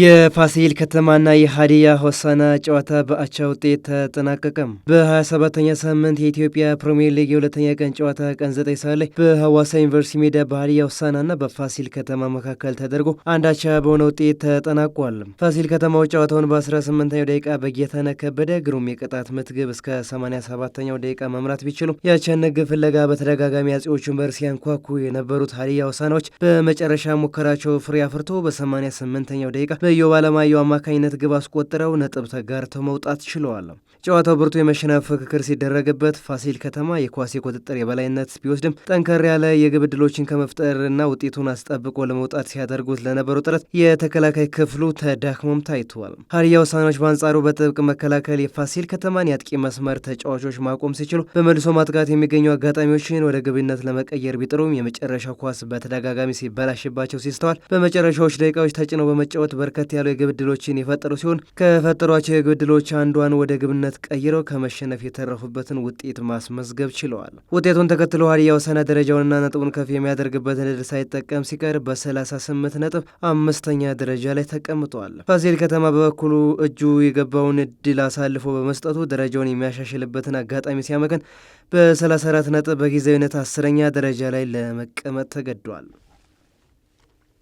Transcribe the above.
የፋሲል ከተማና የሀዲያ ሆሳና ጨዋታ በአቻ ውጤት ተጠናቀቀም። 27 ተኛ ሳምንት የኢትዮጵያ ፕሪምየር ሊግ የሁለተኛ ቀን ጨዋታ ቀን 9 ሰዓት ላይ በሐዋሳ ዩኒቨርሲቲ ሜዳ በሀዲያ ሆሳናና በፋሲል ከተማ መካከል ተደርጎ አንድ አቻ በሆነ ውጤት ተጠናቋል። ፋሲል ከተማው ጨዋታውን በ18ኛው ደቂቃ በጌታነህ ከበደ ግሩም የቅጣት ምት ግብ እስከ 87ኛው ደቂቃ መምራት ቢችሉም የአቻነት ግብ ፍለጋ በተደጋጋሚ አጼዎቹን በር ሲያንኳኩ የነበሩት ሀዲያ ሆሳናዎች በመጨረሻ ሙከራቸው ፍሬ አፍርቶ በ88ኛው ደቂቃ በኢዮብ አለማየሁ አማካኝነት ግብ አስቆጥረው ነጥብ ተጋርተው መውጣት ችለዋል። ጨዋታው ብርቱ የመሸነፍ ፍክክር ሲደረግበት ፋሲል ከተማ የኳስ የቁጥጥር የበላይነት ቢወስድም ጠንከር ያለ የግብ ዕድሎችን ከመፍጠርና ውጤቱን አስጠብቆ ለመውጣት ሲያደርጉት ለነበሩ ጥረት የተከላካይ ክፍሉ ተዳክሞም ታይተዋል። ሀዲያ ውሳኔዎች በአንጻሩ በጥብቅ መከላከል የፋሲል ከተማን የአጥቂ መስመር ተጫዋቾች ማቆም ሲችሉ በመልሶ ማጥቃት የሚገኙ አጋጣሚዎችን ወደ ግብነት ለመቀየር ቢጥሩም የመጨረሻው ኳስ በተደጋጋሚ ሲበላሽባቸው ሲስተዋል። በመጨረሻዎች ደቂቃዎች ተጭነው በመጫወት በርከት ያሉ የግብ ዕድሎችን የፈጠሩ ሲሆን ከፈጠሯቸው የግብ ዕድሎች አንዷን ወደ ግብነት ቀይረው ከመሸነፍ የተረፉበትን ውጤት ማስመዝገብ ችለዋል። ውጤቱን ተከትሎ ሀዲያ ሆሳዕና ደረጃውንና ነጥቡን ከፍ የሚያደርግበትን ዕድል ሳይጠቀም ሲቀር በ38 ነጥብ አምስተኛ ደረጃ ላይ ተቀምጧል። ፋሲል ከተማ በበኩሉ እጁ የገባውን እድል አሳልፎ በመስጠቱ ደረጃውን የሚያሻሽልበትን አጋጣሚ ሲያመክን በ34 ነጥብ በጊዜያዊነት አስረኛ ደረጃ ላይ ለመቀመጥ ተገዷል።